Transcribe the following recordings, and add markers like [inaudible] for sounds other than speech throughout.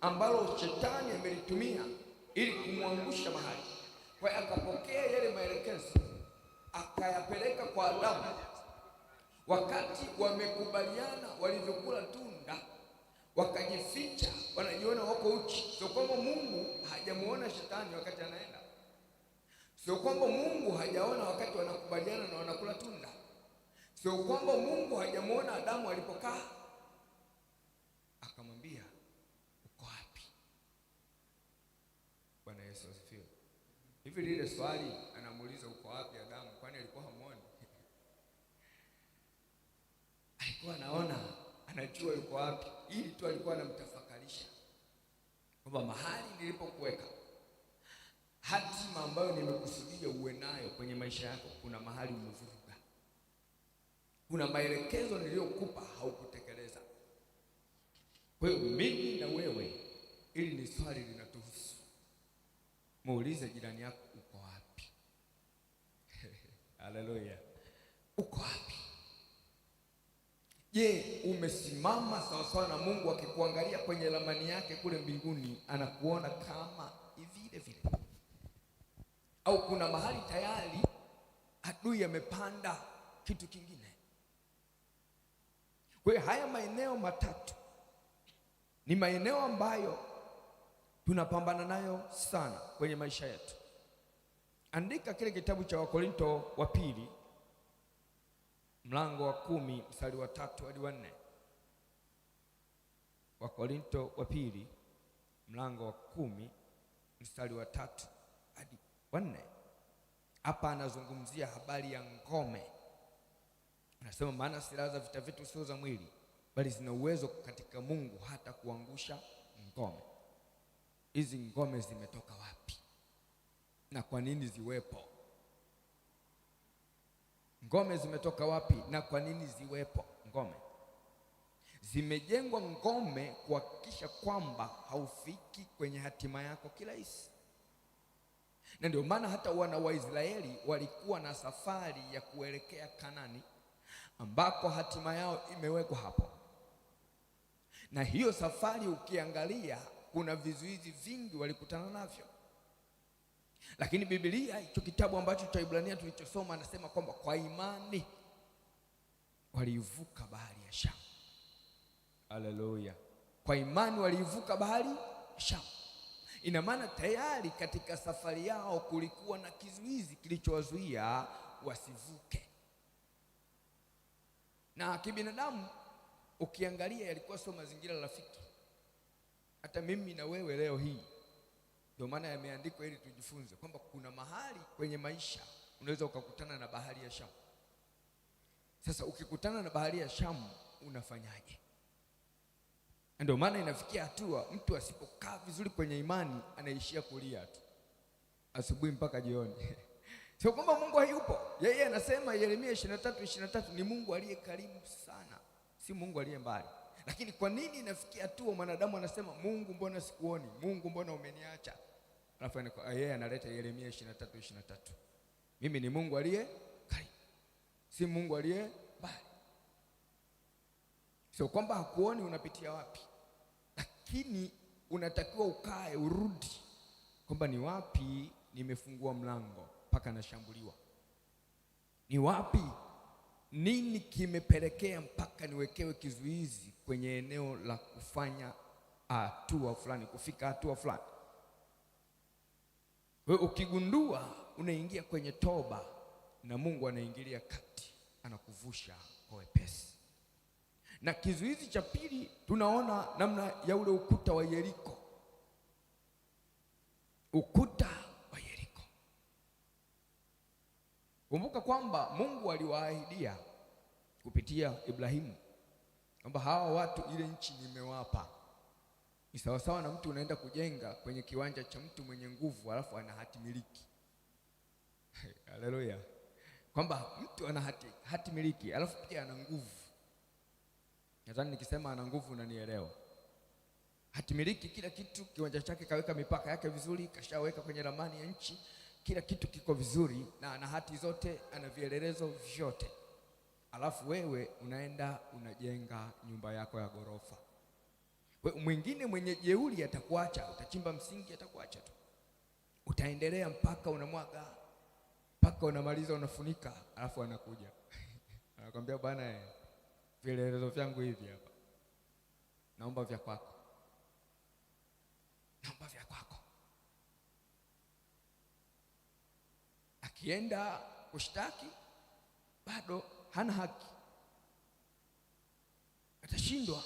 ambalo shetani amelitumia ili kumwangusha mahali. Kwa hiyo akapokea yale maelekezo akayapeleka kwa Adamu. Wakati wamekubaliana walivyokula tunda, wakajificha, wanajiona wako uchi. Sio kwamba Mungu hajamuona shetani wakati anaenda, sio kwamba Mungu hajaona wakati wanakubaliana na wanakula tunda, sio kwamba Mungu hajamuona Adamu alipokaa Nafikiri ile swali anamuuliza uko wapi Adamu, kwani alikuwa hamuoni? [laughs] alikuwa anaona, anajua yuko wapi, ili tu alikuwa anamtafakarisha kwamba mahali nilipokuweka, hatima ambayo nimekusudia uwe nayo kwenye maisha yako, kuna mahali umevuruga, kuna maelekezo niliyokupa haukutekeleza. Kwa hiyo mimi na wewe, ili ni swali linatuhusu. Muulize jirani yako Haleluya. Uko wapi? Je, umesimama sawasawa na Mungu akikuangalia kwenye ramani yake kule mbinguni anakuona kama vile vile, au kuna mahali tayari adui amepanda kitu kingine? Kwa hiyo haya maeneo matatu ni maeneo ambayo tunapambana nayo sana kwenye maisha yetu andika kile kitabu cha Wakorinto wa pili mlango wa kumi mstari wa tatu hadi wa nne. Wakorinto wa pili mlango wa kumi mstari wa tatu hadi wa nne. Hapa anazungumzia habari ya ngome, anasema maana silaha za vita vyetu sio za mwili, bali zina uwezo katika Mungu hata kuangusha ngome. Hizi ngome zimetoka wapi? na kwa nini ziwepo? Ngome zimetoka wapi na kwa nini ziwepo ngome? Zimejengwa ngome kuhakikisha kwamba haufiki kwenye hatima yako kirahisi, na ndio maana hata wana wa Israeli walikuwa na safari ya kuelekea Kanani ambako hatima yao imewekwa hapo. Na hiyo safari ukiangalia, kuna vizuizi vingi walikutana navyo lakini Biblia hicho kitabu ambacho cha Ibrania tulichosoma, anasema kwamba kwa imani waliivuka bahari ya Shamu. Haleluya! Kwa imani waliivuka bahari ya Shamu. Ina maana tayari katika safari yao kulikuwa na kizuizi kilichowazuia wasivuke, na kibinadamu ukiangalia yalikuwa sio mazingira rafiki. Hata mimi na wewe leo hii ndio maana yameandikwa ili tujifunze kwamba kuna mahali kwenye maisha unaweza ukakutana na bahari ya Shamu. Sasa ukikutana na bahari ya Shamu unafanyaje? Ndio maana inafikia hatua mtu asipokaa vizuri kwenye imani anaishia kulia tu asubuhi mpaka jioni. [laughs] Sio kwamba Mungu hayupo, yeye anasema Yeremia 23:23 23, ni Mungu aliye karibu sana, si Mungu aliye mbali. Lakini kwa nini inafikia hatua mwanadamu anasema Mungu, mbona sikuoni? Mungu, mbona umeniacha? alafu yeye analeta Yeremia 23 23, mimi ni Mungu aliye karibu, si Mungu aliye mbali. Sio kwamba hakuoni unapitia wapi, lakini unatakiwa ukae urudi kwamba ni wapi nimefungua mlango mpaka nashambuliwa, ni wapi, nini kimepelekea mpaka niwekewe kizuizi kwenye eneo la kufanya hatua fulani, kufika hatua fulani. Wewe ukigundua unaingia kwenye toba, na Mungu anaingilia kati, anakuvusha kwa wepesi. Na kizuizi cha pili, tunaona namna ya ule ukuta wa Yeriko, ukuta wa Yeriko. Kumbuka kwamba Mungu aliwaahidia kupitia Ibrahimu kwamba hawa watu ile nchi nimewapa ni sawasawa na mtu unaenda kujenga kwenye kiwanja cha mtu mwenye nguvu, alafu ana hati miliki. [laughs] Haleluya! kwamba mtu ana hati, hati miliki alafu pia ana nguvu. Nadhani nikisema ana nguvu unanielewa. Hati miliki kila kitu, kiwanja chake kaweka mipaka yake vizuri, kashaweka kwenye ramani ya nchi, kila kitu kiko vizuri na ana hati zote, ana vielelezo vyote, alafu wewe unaenda unajenga nyumba yako ya ghorofa Mwingine mwenye jeuri atakuacha, utachimba msingi atakuacha tu, utaendelea mpaka unamwaga mpaka unamaliza unafunika, alafu anakuja [laughs] anakwambia, bwana, vielelezo vyangu hivi hapa, naomba vya kwako, naomba vya kwako. Akienda kushtaki bado hana haki, atashindwa.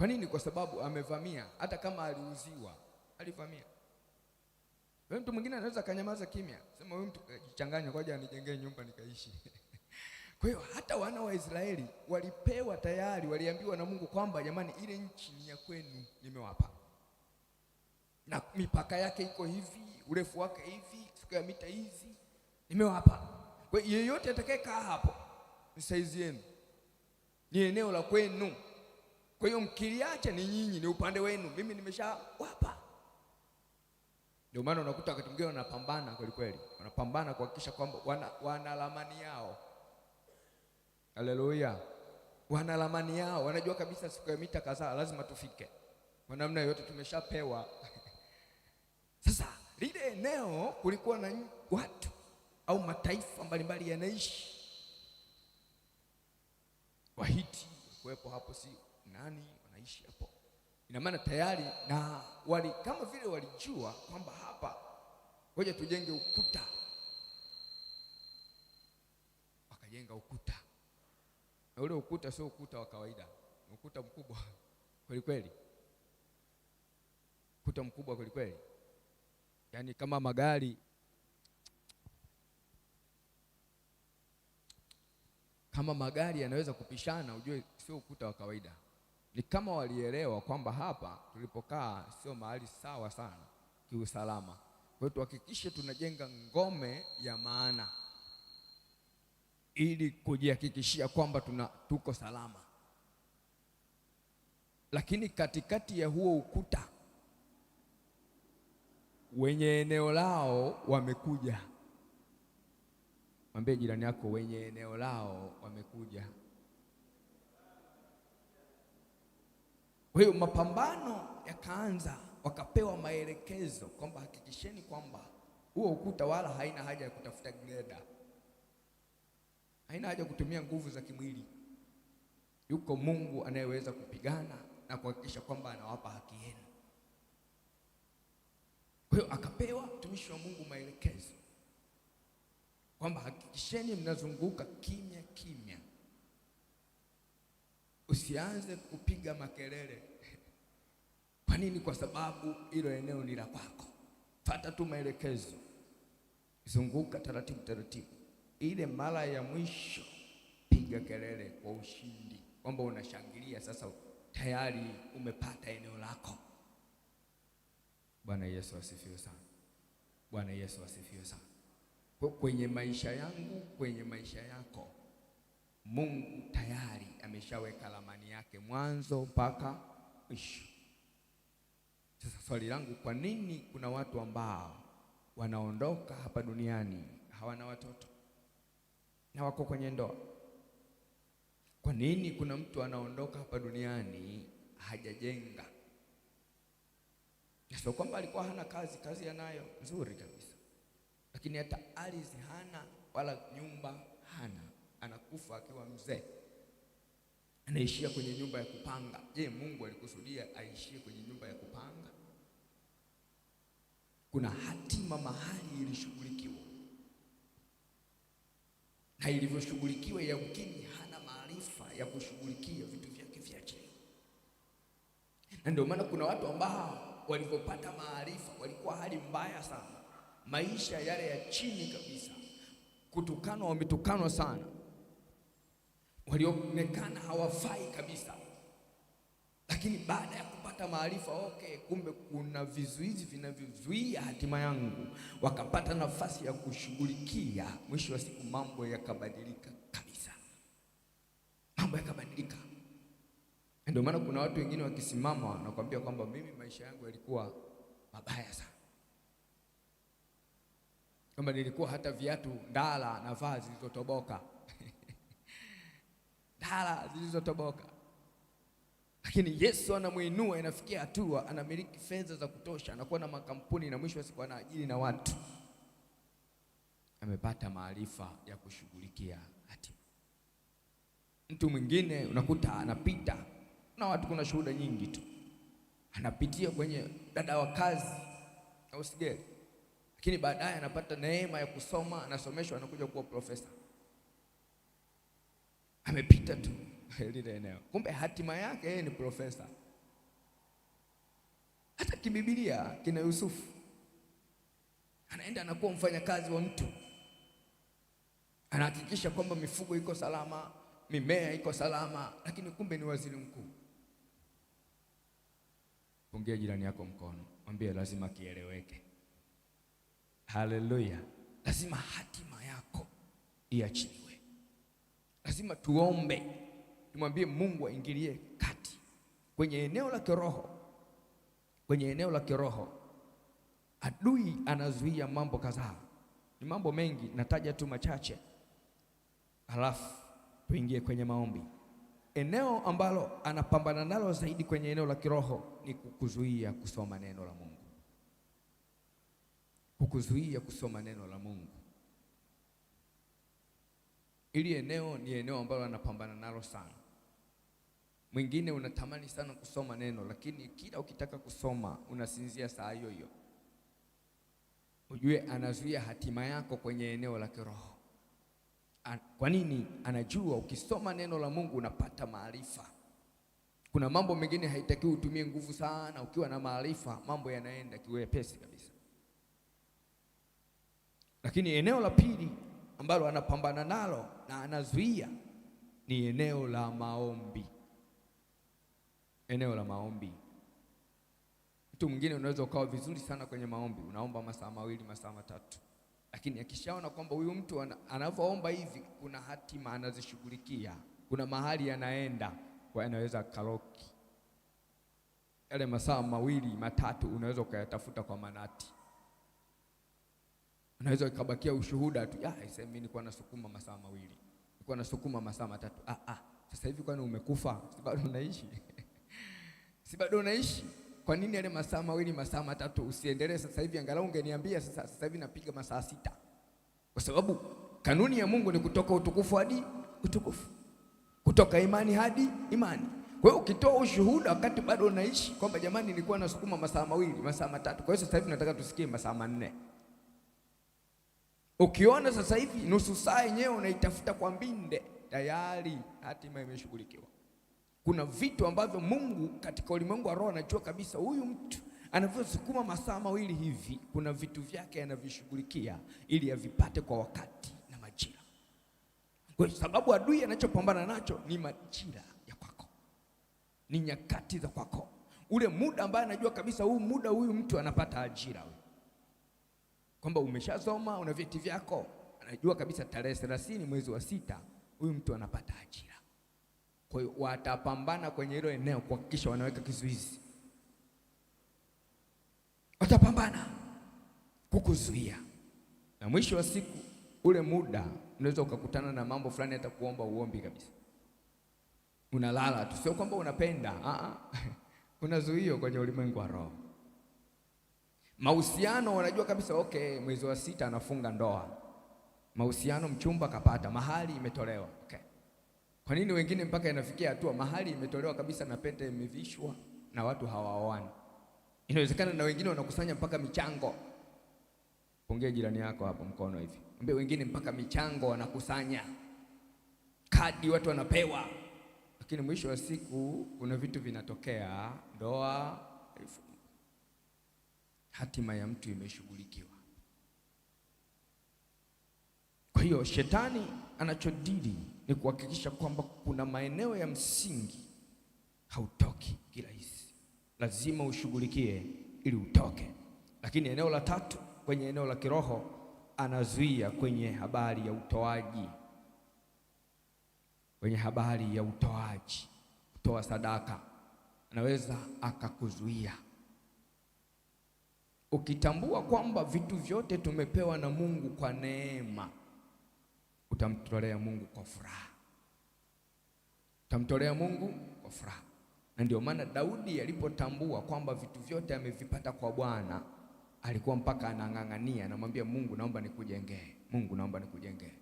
Kwa nini? Kwa sababu amevamia, hata kama aliuziwa, alivamia. Wewe mtu mwingine anaweza akanyamaza kimya, sema wewe mtu jichanganya, eh, ngoja anijengee nyumba nikaishi. [laughs] Kwa hiyo hata wana wa Israeli walipewa tayari, waliambiwa na Mungu kwamba jamani, ile nchi ni ya kwenu, nimewapa na mipaka yake iko hivi, urefu wake hivi, siku ya mita hizi, nimewapa. Kwa hiyo yeyote atakayekaa hapo ni saizi yenu, ni eneo la kwenu. Kwa hiyo mkiliacha ni nyinyi, ni upande wenu, mimi nimeshawapa. Ndio maana unakuta wakati mwingine wanapambana kweli kweli, wanapambana kuhakikisha kwamba wana, wana ramani yao. Haleluya, wana ramani yao, wanajua kabisa siku ya mita kadhaa lazima tufike kwa namna yote, tumeshapewa [laughs] sasa lile eneo kulikuwa na watu au mataifa mbalimbali yanaishi, Wahiti kuwepo hapo, si nani wanaishi hapo. Ina maana tayari na wali, kama vile walijua kwamba hapa, ngoja tujenge ukuta, wakajenga ukuta, na ule ukuta sio ukuta wa kawaida, ukuta mkubwa [laughs] kweli kweli, ukuta mkubwa kweli kweli, yaani kama magari kama magari yanaweza kupishana, ujue sio ukuta wa kawaida. Ni kama walielewa kwamba hapa tulipokaa sio mahali sawa sana kiusalama. Kwa hiyo tuhakikishe tunajenga ngome ya maana ili kujihakikishia kwamba tuna tuko salama. Lakini katikati ya huo ukuta wenye eneo lao wamekuja. Mwambie jirani yako wenye eneo lao wamekuja. Kwa hiyo mapambano yakaanza, wakapewa maelekezo kwamba hakikisheni kwamba huo ukuta wala haina haja ya kutafuta greda, haina haja ya kutumia nguvu za kimwili. Yuko Mungu anayeweza kupigana na kuhakikisha kwamba anawapa haki yenu. Kwa hiyo akapewa mtumishi wa Mungu maelekezo kwamba hakikisheni mnazunguka kimya kimya usianze kupiga makelele. Kwa nini? Kwa sababu hilo eneo ni la kwako. Fata tu maelekezo, zunguka taratibu taratibu. Ile mara ya mwisho piga kelele kwa ushindi, kwamba unashangilia sasa, tayari umepata eneo lako. Bwana Yesu asifiwe sana. Bwana Yesu asifiwe sana. Kwenye maisha yangu, kwenye maisha yako Mungu tayari ameshaweka ramani yake mwanzo mpaka mwisho. Sasa swali langu, kwa nini kuna watu ambao wanaondoka hapa duniani hawana watoto na wako kwenye ndoa? Kwa nini kuna mtu anaondoka hapa duniani hajajenga? Na sio kwamba alikuwa hana kazi, kazi anayo nzuri kabisa, lakini hata ardhi hana wala nyumba hana amekufa akiwa mzee, anaishia kwenye nyumba ya kupanga. Je, Mungu alikusudia aishie kwenye nyumba ya kupanga? Kuna hatima mahali ilishughulikiwa na ilivyoshughulikiwa, yamkini hana maarifa ya kushughulikia vitu vyake vya chini, na ndio maana kuna watu ambao walipopata maarifa walikuwa hali mbaya sana, maisha yale ya chini kabisa, kutukanwa, wametukanwa sana walionekana hawafai kabisa, lakini baada ya kupata maarifa, okay, kumbe kuna vizuizi vinavyozuia hatima yangu, wakapata nafasi ya kushughulikia. Mwisho wa siku mambo yakabadilika kabisa, mambo yakabadilika. Ndio maana kuna watu wengine wakisimama wanakuambia kwamba mimi maisha yangu yalikuwa mabaya sana, kwamba nilikuwa hata viatu ndala na vazi zilizotoboka tala zilizotoboka, lakini Yesu anamuinua, inafikia hatua anamiliki fedha za kutosha, anakuwa na makampuni na mwisho wa siku anaajiri na watu. Amepata maarifa ya kushughulikia hati Mtu mwingine unakuta anapita na watu, kuna shuhuda nyingi tu, anapitia kwenye dada wa kazi na sigeli, lakini baadaye anapata neema ya kusoma, anasomeshwa, anakuja kuwa profesa amepita tu [laughs] lile eneo, kumbe hatima yake yeye ni profesa. Hata kibibilia kina Yusufu anaenda anakuwa mfanyakazi wa mtu, anahakikisha kwamba mifugo iko salama, mimea iko salama, lakini kumbe ni waziri mkuu. Pungia jirani yako mkono, mwambie lazima kieleweke. Haleluya, lazima hatima yako iachiliwe. Lazima tuombe, tumwambie Mungu aingilie kati kwenye eneo la kiroho, kwenye eneo la kiroho. Adui anazuia mambo kadhaa, ni mambo mengi, nataja tu machache, halafu tuingie kwenye maombi. Eneo ambalo anapambana nalo zaidi kwenye eneo la kiroho ni kukuzuia kusoma neno la Mungu, kukuzuia kusoma neno la Mungu. Ili eneo ni eneo ambalo anapambana nalo sana. Mwingine unatamani sana kusoma neno, lakini kila ukitaka kusoma unasinzia saa hiyo hiyo. Ujue anazuia hatima yako kwenye eneo la kiroho. Kwa nini? Anajua ukisoma neno la Mungu unapata maarifa. Kuna mambo mengine haitakiwi utumie nguvu sana. Ukiwa na maarifa, mambo yanaenda kiwepesi kabisa. Lakini eneo la pili ambalo anapambana nalo na anazuia ni eneo la maombi. Eneo la maombi. Mtu mwingine unaweza ukawa vizuri sana kwenye maombi, unaomba masaa mawili masaa matatu, lakini akishaona kwamba huyu mtu anavyoomba hivi, kuna hatima anazishughulikia, kuna mahali anaenda kwa, anaweza karoki yale masaa mawili matatu, unaweza ukayatafuta kwa manati, unaweza ukabakia ushuhuda tu, mimi ah, nilikuwa nasukuma masaa mawili kwa nasukuma masaa matatu. Ah, ah. Sasa hivi kwani umekufa? Si bado unaishi? [laughs] Si bado unaishi? Kwa nini yale masaa mawili masaa matatu usiendelee? Sasa hivi angalau ungeniambia. Sasa sasa hivi napiga masaa sita, kwa sababu kanuni ya Mungu ni kutoka utukufu hadi utukufu, kutoka imani hadi imani. Kwa hiyo ukitoa ushuhuda wakati bado unaishi kwamba jamani, nilikuwa nasukuma masaa mawili masaa matatu, kwa hiyo sasa hivi nataka tusikie masaa manne. Ukiona sasa hivi nusu saa yenyewe unaitafuta kwa mbinde, tayari hatima imeshughulikiwa. Kuna vitu ambavyo Mungu katika ulimwengu wa roho anajua kabisa, huyu mtu anavyosukuma masaa mawili hivi, kuna vitu vyake anavishughulikia ili avipate kwa wakati na majira, kwa sababu adui anachopambana nacho ni majira ya kwako, ni nyakati za kwako, ule muda ambaye anajua kabisa huu muda huyu mtu anapata ajira kwamba umeshasoma una vyeti vyako, anajua kabisa tarehe 30 mwezi wa sita huyu mtu anapata ajira. Kwa hiyo watapambana kwenye hilo eneo kuhakikisha wanaweka kizuizi, watapambana kukuzuia, na mwisho wa siku ule muda unaweza ukakutana na mambo fulani, hata kuomba uombi kabisa, unalala tu, sio kwamba unapenda, a ah, a ah. [laughs] unazuio kwenye ulimwengu wa roho. Mahusiano wanajua kabisa, okay, mwezi wa sita anafunga ndoa. Mahusiano mchumba kapata, mahali imetolewa. Okay. Kwa nini wengine mpaka inafikia hatua mahali imetolewa kabisa na pete imevishwa na watu hawaoani? Inawezekana na wengine wanakusanya mpaka michango. Pongea jirani yako hapo mkono hivi. mbe, wengine mpaka michango wanakusanya. Kadi watu wanapewa. Lakini mwisho wa siku kuna vitu vinatokea, ndoa hatima ya mtu imeshughulikiwa. Kwa hiyo shetani anachodili ni kuhakikisha kwamba kuna maeneo ya msingi hautoki kirahisi, lazima ushughulikie ili utoke. Lakini eneo la tatu kwenye eneo la kiroho anazuia kwenye habari ya utoaji, kwenye habari ya utoaji, kutoa sadaka, anaweza akakuzuia Ukitambua kwamba vitu vyote tumepewa na Mungu kwa neema, utamtolea Mungu kwa furaha, utamtolea Mungu kwa furaha. Na ndio maana Daudi alipotambua kwamba vitu vyote amevipata kwa Bwana, alikuwa mpaka anang'ang'ania, anamwambia Mungu, naomba nikujengee. Mungu, naomba nikujengee.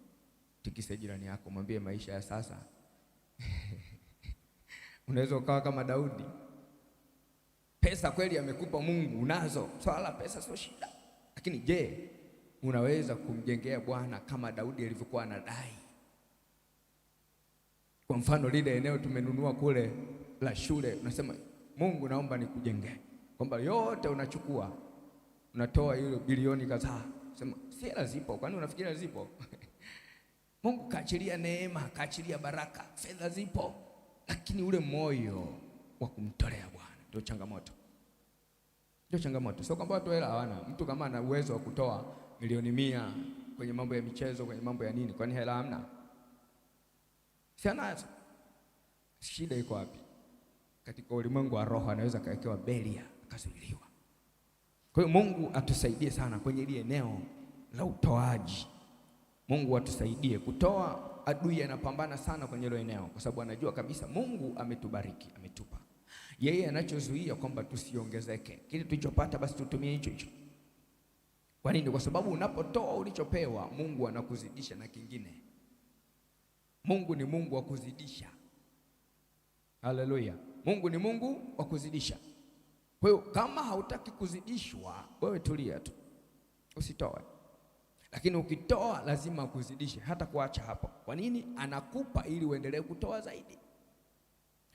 Tikise jirani yako, mwambie maisha ya sasa [laughs] unaweza ukawa kama Daudi. Pesa kweli amekupa Mungu, unazo, swala la pesa sio shida, lakini je, unaweza kumjengea Bwana kama Daudi alivyokuwa anadai? Kwa mfano lile eneo tumenunua kule la shule, unasema Mungu, naomba nikujengee, kwamba yote unachukua unatoa hiyo bilioni kadhaa, sema si hela zipo, kwani unafikiri zipo? [laughs] Mungu kaachilia neema, kaachilia baraka, fedha zipo, lakini ule moyo wa kumtolea Bwana ndio changamoto, ndio changamoto. Sio kwamba watu hela hawana. Mtu kama ana uwezo wa kutoa milioni mia kwenye mambo ya michezo, kwenye mambo ya nini, kwani hela hamna? Si anazo. Shida iko wapi? Katika ulimwengu wa roho anaweza akawekewa belia akazuiliwa. Kwa hiyo Mungu atusaidie sana kwenye ile eneo la utoaji. Mungu atusaidie kutoa. Adui anapambana sana kwenye hilo eneo, kwa sababu anajua kabisa Mungu ametubariki, ametupa yeye anachozuia kwamba tusiongezeke, kile tulichopata basi tutumie hicho hicho. Kwa nini? Kwa sababu unapotoa ulichopewa, Mungu anakuzidisha na kingine. Mungu ni Mungu wa kuzidisha. Haleluya! Mungu ni Mungu wa kuzidisha. Kwa hiyo kama hautaki kuzidishwa, wewe tulia tu, usitoe. Lakini ukitoa lazima akuzidishe, hata kuacha hapo. Kwa nini? Anakupa ili uendelee kutoa zaidi.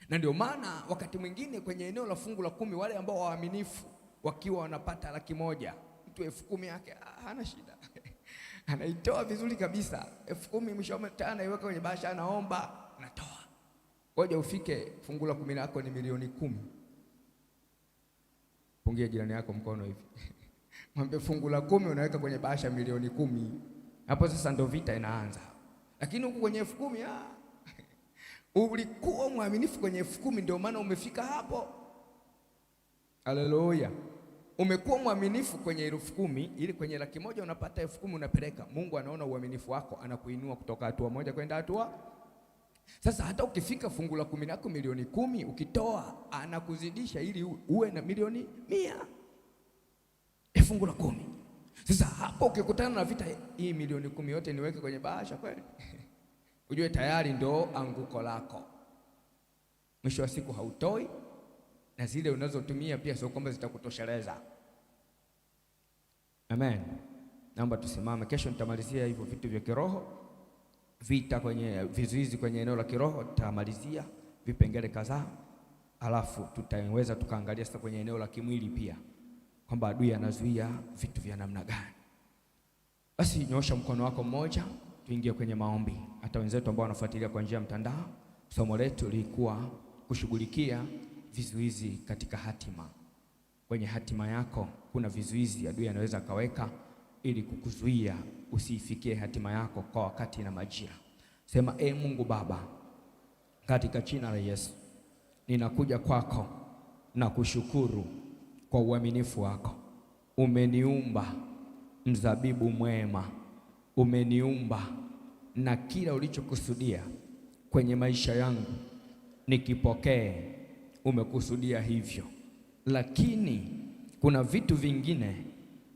Na ndio maana wakati mwingine kwenye eneo la fungu la kumi wale ambao waaminifu wakiwa wanapata laki moja mtu elfu kumi yake ah, hana shida [laughs] anaitoa vizuri kabisa, elfu kumi mwisho mtaa anaiweka kwenye bahasha, anaomba anatoa. Ngoja ufike fungu la kumi lako ni milioni kumi. Pungia jirani yako mkono hivi [laughs] mwambie, fungu la kumi unaweka kwenye bahasha milioni kumi. Hapo sasa ndo vita inaanza, lakini huku kwenye elfu kumi ah, Ulikuwa mwaminifu kwenye elfu kumi, ndio maana umefika hapo. Haleluya! Umekuwa mwaminifu kwenye elfu kumi, ili kwenye laki moja unapata elfu kumi unapeleka. Mungu anaona uaminifu wako, anakuinua kutoka hatua moja kwenda hatua. Sasa hata ukifika fungu la kumi lako milioni kumi ukitoa, anakuzidisha ili uwe na milioni mia. E, fungu la kumi. Sasa hapo ukikutana na vita, hii milioni kumi yote niweke kwenye bahasha kweli? [laughs] ujue tayari ndo anguko lako. Mwisho wa siku hautoi, na zile unazotumia pia sio kwamba zitakutosheleza. Amen, naomba tusimame. Kesho nitamalizia hivyo vitu vya kiroho, vita kwenye vizuizi kwenye eneo la kiroho, tutamalizia vipengele kadhaa, alafu tutaweza tukaangalia sasa kwenye eneo la kimwili pia kwamba adui anazuia vitu vya namna gani. Basi nyosha mkono wako mmoja tuingie kwenye maombi. Hata wenzetu ambao wanafuatilia kwa njia ya mtandao, somo letu lilikuwa kushughulikia vizuizi katika hatima. Kwenye hatima yako kuna vizuizi adui anaweza akaweka ili kukuzuia usiifikie hatima yako kwa wakati na majira. Sema, e Mungu Baba, katika jina la Yesu ninakuja kwako na kushukuru kwa uaminifu wako. Umeniumba mzabibu mwema umeniumba na kila ulichokusudia kwenye maisha yangu nikipokee, umekusudia hivyo, lakini kuna vitu vingine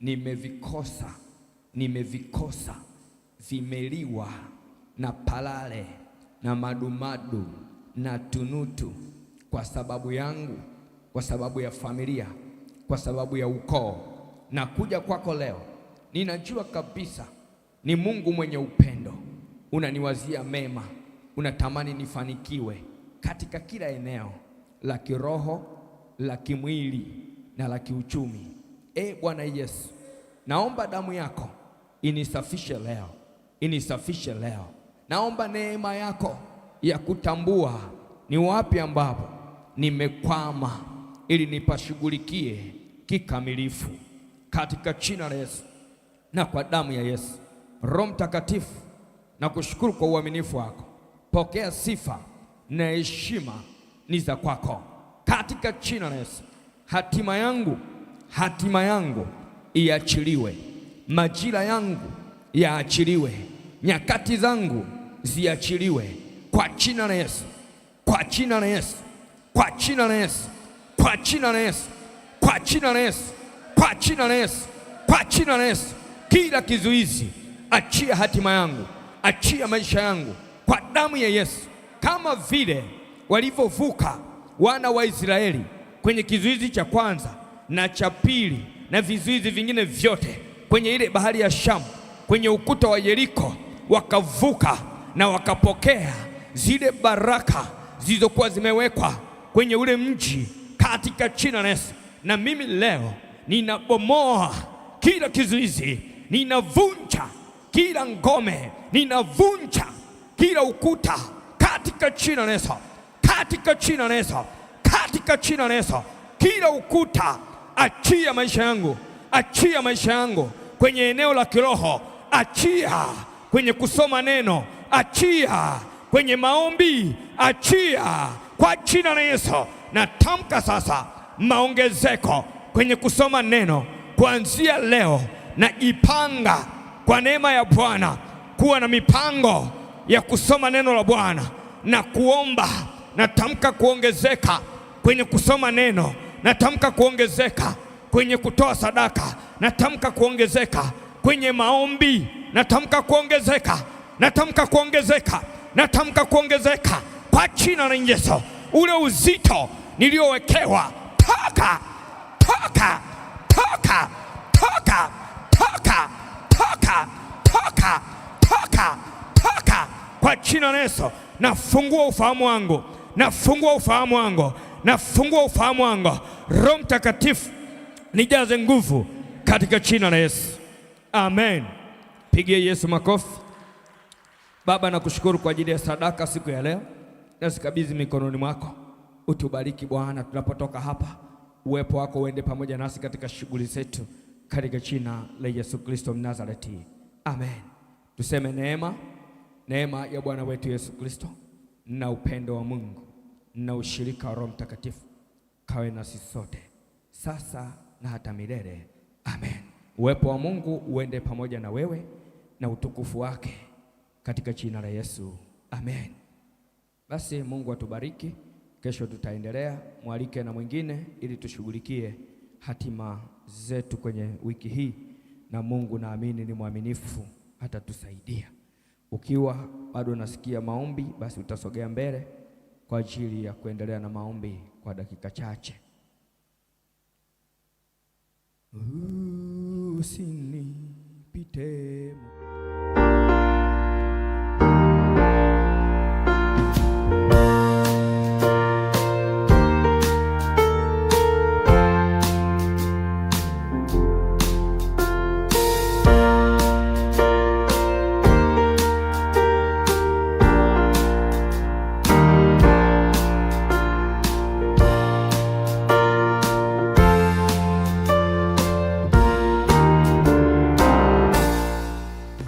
nimevikosa, nimevikosa, vimeliwa na palale na madumadu na tunutu, kwa sababu yangu, kwa sababu ya familia, kwa sababu ya ukoo. Na kuja kwako leo, ninajua kabisa ni Mungu mwenye upendo, unaniwazia mema, unatamani nifanikiwe katika kila eneo la kiroho, la kimwili na la kiuchumi. E Bwana Yesu, naomba damu yako inisafishe leo, inisafishe leo. Naomba neema yako ya kutambua ni wapi ambapo nimekwama, ili nipashughulikie kikamilifu katika jina la Yesu na kwa damu ya Yesu. Roho Mtakatifu, na kushukuru kwa uaminifu wako. Pokea sifa na heshima ni za kwako, katika jina la Yesu. Hatima yangu, hatima yangu iachiliwe, majira yangu yaachiliwe, nyakati zangu ziachiliwe, kwa jina la Yesu, kwa jina la Yesu, kwa jina la Yesu, kwa jina la Yesu, kwa jina la Yesu, kwa jina la Yesu, kwa jina la Yesu, kila kizuizi achia hatima yangu, achia maisha yangu kwa damu ya Yesu, kama vile walivyovuka wana wa Israeli kwenye kizuizi cha kwanza na cha pili na vizuizi vingine vyote kwenye ile bahari ya Shamu, kwenye ukuta wa Yeriko, wakavuka na wakapokea zile baraka zilizokuwa zimewekwa kwenye ule mji katika jina la Yesu. Na mimi leo ninabomoa kila kizuizi, ninavunja kila ngome, ninavunja kila ukuta katika jina la Yesu, katika jina la Yesu, katika jina la Yesu. Kila ukuta, achia maisha yangu, achia maisha yangu kwenye eneo la kiroho, achia kwenye kusoma neno, achia kwenye maombi, achia kwa jina la Yesu. Natamka sasa maongezeko kwenye kusoma neno kuanzia leo, najipanga kwa neema ya Bwana kuwa na mipango ya kusoma neno la Bwana na kuomba. Natamka kuongezeka kwenye kusoma neno, natamka kuongezeka kwenye kutoa sadaka, natamka kuongezeka kwenye maombi, natamka kuongezeka, natamka kuongezeka, natamka kuongezeka kwa jina la Yesu. Ule uzito niliowekewa, toka toka toka toka toka, toka, toka, toka kwa jina la Yesu. Nafungua ufahamu wangu, nafungua ufahamu wangu, nafungua ufahamu wangu. Roho Mtakatifu nijaze nguvu katika jina la Yesu, amen. Pigie Yesu makofi. Baba, nakushukuru kwa ajili ya sadaka siku ya leo, nazikabidhi mikononi mwako, utubariki Bwana tunapotoka hapa, uwepo wako uende pamoja nasi katika shughuli zetu katika jina la Yesu Kristo Mnazareti, amen. Tuseme neema, neema ya Bwana wetu Yesu Kristo na upendo wa Mungu na ushirika wa Roho Mtakatifu kawe nasi sote sasa na hata milele, amen. Uwepo wa Mungu uende pamoja na wewe na utukufu wake katika jina la Yesu, amen. Basi Mungu atubariki. Kesho tutaendelea, mwalike na mwingine ili tushughulikie hatima zetu kwenye wiki hii, na Mungu naamini ni mwaminifu, atatusaidia. Ukiwa bado unasikia maombi, basi utasogea mbele kwa ajili ya kuendelea na maombi kwa dakika chache. Ooh,